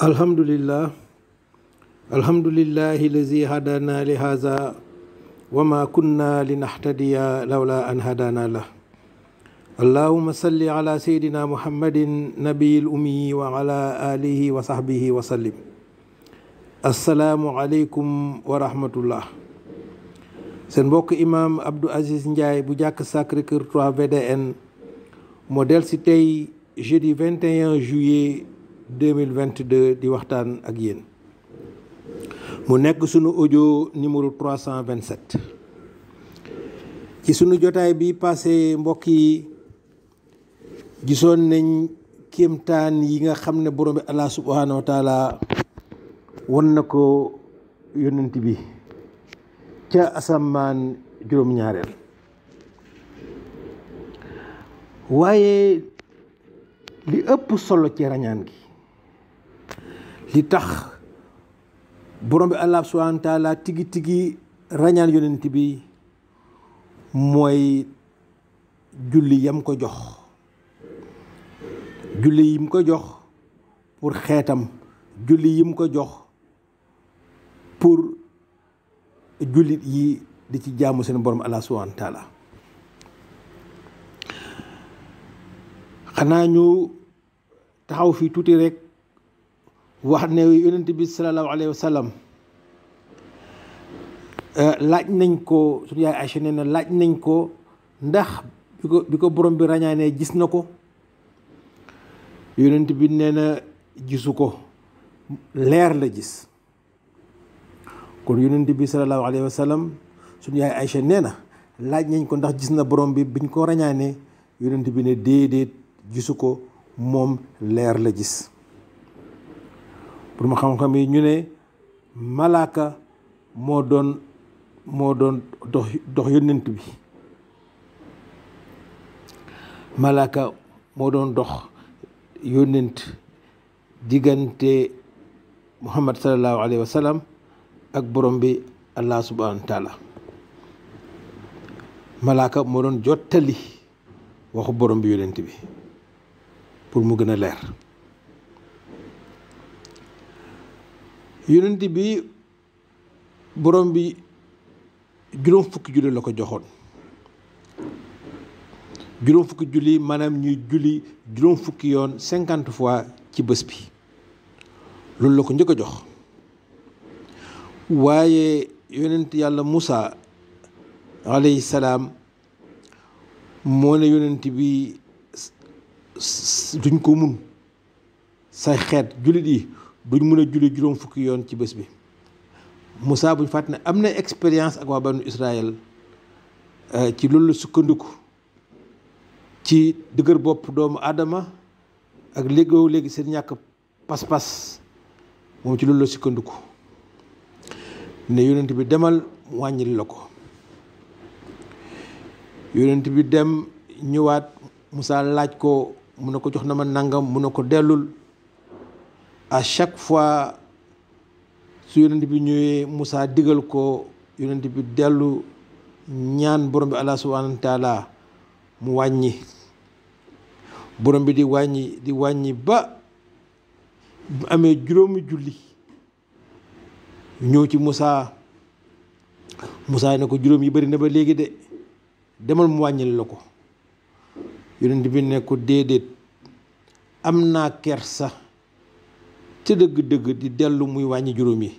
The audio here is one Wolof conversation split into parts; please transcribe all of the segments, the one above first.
الحمد لله الحمد لله الذي هدانا لهذا وما كنا لنهتدي لولا أن هدانا له اللهم صل على سيدنا محمد نبي الأمي وعلى آله وصحبه وسلم السلام عليكم ورحمة الله سن بوك امام عبد العزيز نجاي bu jàkk Sacré-Cœur 3 VDN moo del si tey jeudi 21 juillet 2022 di waxtaan ak yeen mu nekk suñu audio numéro 327 ci suñu jotaay bi passé mbokk yi gisoon nañ kéemtaan yi nga xam ne borom bi allah subhanahu wa taala won na ko yonent bi ca asamaan juróom-ñaareel waaye li ëpp solo ci rañaan gi li tax borom bi allah subhanahu wa taala tigi tigi rañaan yonent bi mooy julli yam ko jox julli yim ko jox pour xeetam julli yim ko jox pour jullit yi di ci jaamu seen borom allah subhanahu wa xanaa ñu taxaw fi tuuti rek wax ne yonent bi sallallahu alayhi wa eh, laaj nañ ko suñu yaay Aïcha nee na laaj nañ ko ndax bi ko bi ko borom bi rañaanee gis na ko yonent bi nee na gisu ko leer la gis kon yonent bi sallallahu alayhi wa sallam suñu yaay Aïcha nee na laaj nañ ko ndax gis na borom bi biñ ko ràññaanee yonent bi ne déedéet gisu ko moom leer la gis pour mu xam-xam yi ñu ne malaaka moo doon moo doon dox dox yónnent bi malaaka moo doon dox yónnent diggante muhammad sallallahu alayhi wa ak borom bi allah subhanahu malaaka moo doon jottali waxu borom bi yónnent bi pour mu gën a leer yonent bi borom bi juróom fukki julli la ko joxoon juróom fukki julli maanaam ñuy julli juróom fukki yoon cinquante fois ci bés bi loolu la ko njëkk a jox waaye yonent yàlla Moussa alayhi salaam moo ne yonent bi duñ ko mun sa xeet jullit yi buñ mëna julli juroom fukki yoon ci bës bi Moussa buñ fàtt amna experience ak wa banu Israël euh, ci loolu sukkanduko ci bop doomu Adama ak lego legi seen ñak pas-pas moom ci loolu sukkanduko ne yoonent bi demal wàññil lako yoonent bi dem ñëwaat Moussa laaj ko mu ne ko jox nangam mu ne ko delul à chaque fois su yonent bi ñëwee Moussa diggal ko yonent bi dellu ñaan borom bi allah subhanahu wa mu wàññi borom bi di wàññi di wàññi ba bu amee juróomi julli ñëw ci Moussa Moussa ne ko juróom yi bari na ba léegi de demal mu wàññil la ko yonent bi ne ko déedéet am naa kersa ca dëgg-dëgg di dellu muy wàññi juróom yi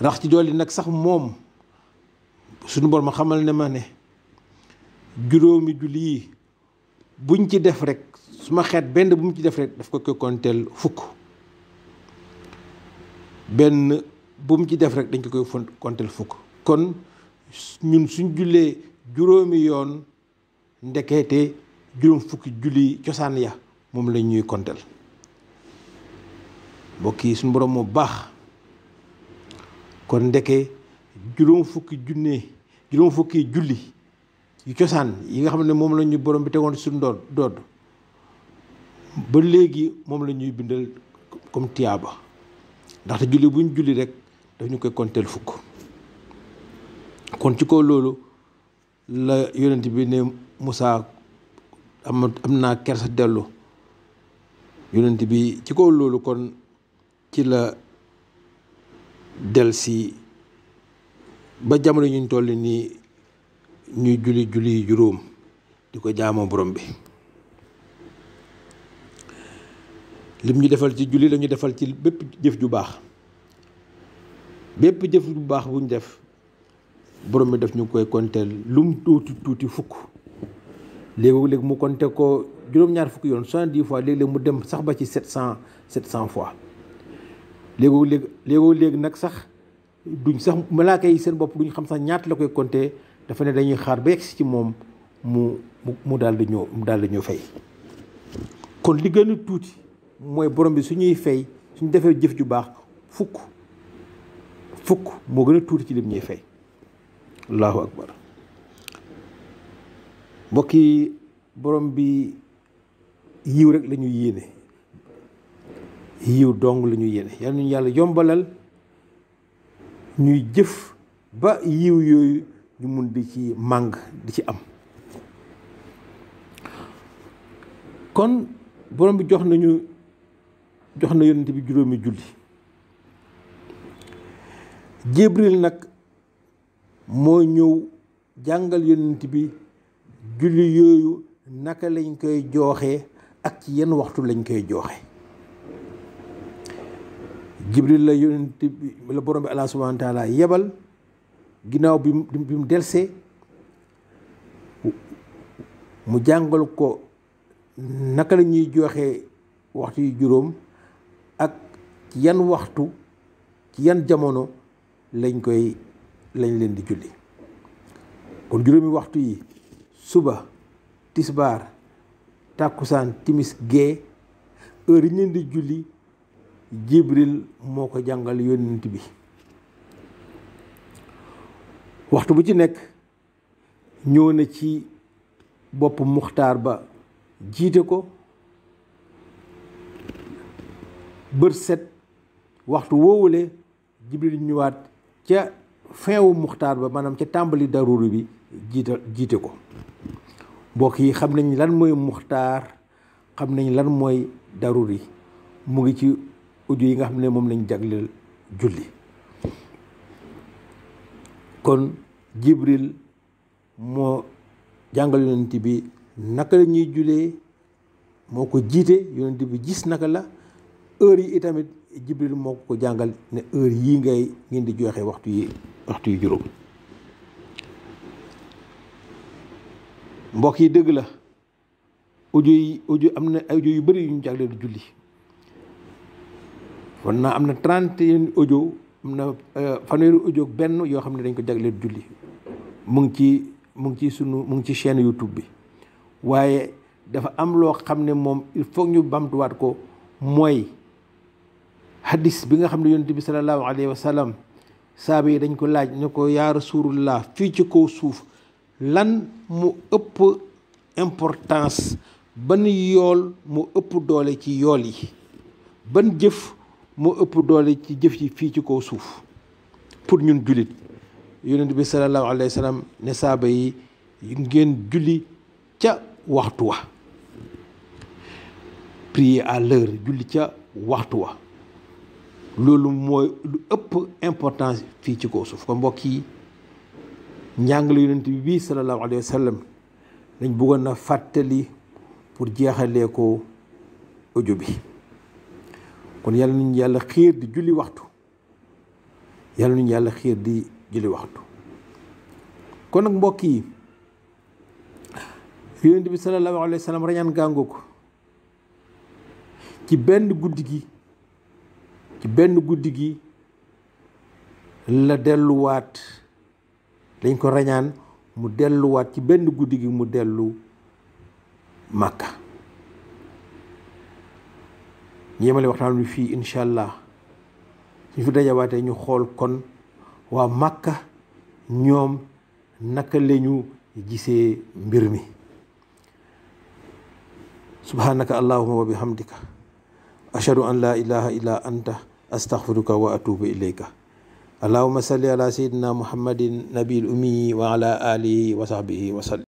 rax ci dolli nag sax moom suñu borom ma xamal ne ma ne juróomi julli yi buñ ci def rek su ma xeet benn bu mu ci def rek daf ko koy konteel fukk benn bu ci def rek dañ ko koy konteel fukk kon ñun suñ jullee juróomi yoon ndekete juróom fukki julli cosaan ya moom la ñuy konteel mbokk yi suñu borom moo baax kon ndeke juróom fukki junne juróom fukki julli yu cosaan yi nga xam ne moom lañuy ñu borom bi tegoon suñu dood dood ba léegi moom la ñuy bindal comme tiyaaba ndaxte julli bu ñu julli rek daf ñu koy konteel fukk kon ci kaw loolu la yonent bi ne Moussa am am naa kersa dellu yonent bi ci kaw loolu kon ci la delsi ba jamono ñu toll nii ñuy julli julli juróom di ko jaamoo borom bi lim ñu defal ci julli lañu defal ci bépp jëf ju baax bépp jëf ju baax bu ñu def borom bi def ñu koy konte lum tuuti tuuti fukk léegi-léegi mu konte ko juróom-ñaar fukk yoon soixante-dix fois léeg-léeg mu dem sax ba ci sept cent sept cent fois léegoo léeg léegoo léegi nag sax duñ sax malaaka yi seen bopp duñ xam sax ñaata la koy compter dafa ne dañuy xaar ba yegsi ci moom mu mu daal di ñëw mu daal di ñëw fay kon li gën a tuuti mooy borom bi su suñuy fay suñ defee jëf ju baax fukk fukk moo gën a tuuti ci lim ñuy fay allahu akbar mbokk yi borom bi yiw rek lañuy yéene yiw dong lañu ñu yéene nañu yàlla yombalal ñuy jëf ba yiw yooyu ñu mun di ci màng di ci am kon borom bi jox nañu jox na yonent bi juróomi julli Jibril nag moo ñëw jàngal yonent bi julli yooyu naka lañ koy jooxee ak ci yenn waxtu lañ koy jooxe jibril la yonent la borom bi allah subhanahu yebal ginnaaw bi bi mu delsee mu jàngal ko naka la ñuy joxe waxtu yi juróom ak ci yan waxtu ci yan jamono lañ koy lañ leen di julli kon juróomi waxtu yi suba tisbaar tàkkusaan timis gee heure yi ñu leen di julli jibril moo ko jàngal yónnent bi waxtu bu ci nekk ñëw na ci boppu muxtaar ba jiite ko bët set waxtu woowule jibril ñëwaat ca fin muxtaar ba maanaam ca tàmbali daruru bi jiita jiite ko mbokk yi xam nañ lan mooy muxtaar xam nañ lan mooy daruri mu ngi ci audio yi nga xam ne moom lañu jagleel julli kon jibril moo jàngal yonent bi naka la ñuy julee moo ko jiite yonent bi gis naka la heure yi itamit jibril moo ko jàngal ne heure yi ngay ngeen di joxe waxtu yi waxtu yu juróom mbokk yi dëgg la audio yi audio am na audio yu bari yu ñu jagleel julli kon am na trente et audio amna na euh, audio ak benn yoo xam dañ ko jaglé julli mu ngi ci mu ngi ci sunu mu ngi ci chaîne YouTube bi waye dafa am lo xam mom il faut ñu wat ko moy hadis bi nga xam ne yonent bi sallallahu alayhi wasallam sallam dañ ko laaj ne ko ya rasulullah fi ci ko suuf lan mu upp importance ban yool mu upu doole ci yool yi ban jëf moo ëpp doole ci jëf yi fii ci kaw suuf pour ñun jullit yonent bi sallallahu alayhi wa ne saaba yi ngeen julli ca waxtu wa prier à l'heure julli ca waxtu wa loolu mooy lu ëpp importance fii ci kaw suuf kon mbokk yi njàngale yonent bi bii sallallahu alayhi dañ bëggoon na fàttali pour jeexalee ko audio bi kon yàlla nañu yàlla xiir di julli waxtu yàlla nañu yàlla xiir di julli waxtu kon nag mbokk yi yonent bi sallallahu alayhi wa sallam gàngu ko ci benn guddi gi ci benn guddi gi la delluwaat dañ ko rañaan mu delluwaat ci benn guddi gi mu dellu Makka ñu yemale waxtaan wi fii incha allah ñu fi dajawaatee ñu xool kon waa Màkka ñoom naka lañu gisee mbir mi subhanaka allahuma wa bihamdika ashhadu an la ilaha illa anta astaghfiruka wa atubu ilayka allahuma salli ala sayyidina muhammadin nabil ummi wa ala alihi wa sahbihi wa sallim